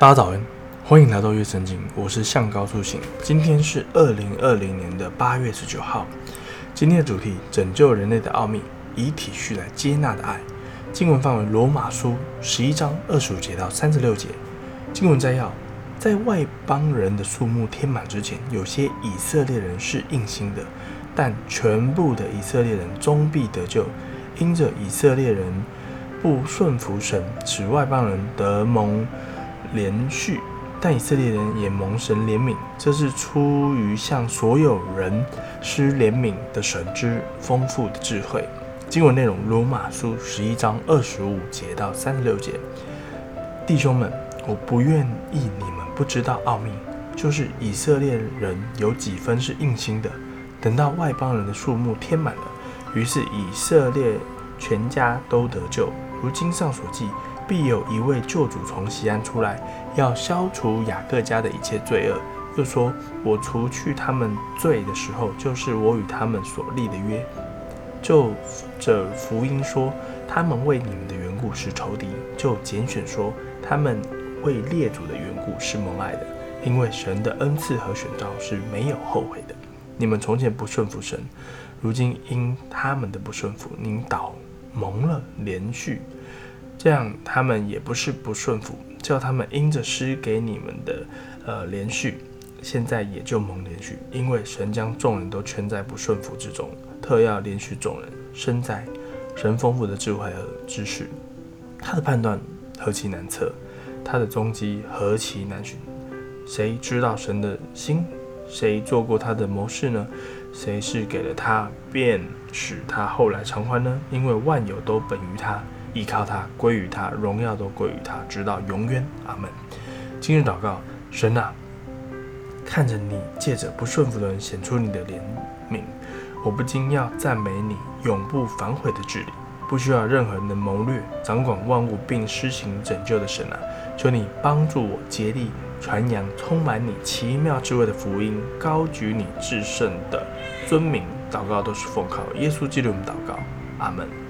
大家早安，歡迎來到樂聖經。我是向高素醒。今天是二零二零年的八月十九號。今天的主題：拯救人類的奧秘，以體恤來接納的愛。經文範圍：羅馬書十一章二十五節到三十六節。經文摘要：在外邦人的數目添滿之前，有些以色列人是硬心的，但全部的以色列人終必得救，因着以色列人不順服神，使外邦人得蒙。憐恤，但以色列人也蒙神憐憫，這是出於向所有人施憐憫的神之豐富的智慧。經文內容：羅馬書十一章二十五節到三十六節。弟兄們，我不願意你們不知道奧秘，就是以色列人有幾分是硬心的，等到外邦人的數目添滿了，於是以色列全家都得救。如今上所記，必有一位救主從西安出來，要消除雅各家的一切罪惡。又說，我除去他們罪的時候，就是我與他們所立的約。就這福音說，他們為你們的緣故是仇敵；就揀選說，他們為列主的緣故是蒙愛的。因為神的恩賜和選召是沒有後悔的。你們從前不順服神，如今因他們的不順服，您倒。蒙了憐恤，這樣他們也不是不順服，叫他們因着施給你們的，呃，憐恤，現在也就蒙憐恤。因為神將眾人都圈在不順服之中，特要憐恤眾人。深哉，神豐富的智慧和知識，他的判斷何其難測，他的蹤跡何其難尋！誰知道神的心？誰做過他的謀士呢？誰是給了他，便使他後來償還呢？因為萬有都本於他，依靠他，歸於他，榮耀都歸於他，直到永遠。阿門。今日禱告，神啊，看着你借着不順服的人顯出你的憐憫，我不禁要讚美你永不反悔的智力。不需要任何人的謀略，掌管萬物並施行拯救的神啊，求你幫助我竭力。傳揚充滿你奇妙智慧的福音，高舉你至聖的尊名，禱告都是奉靠耶穌基督的禱告，阿門。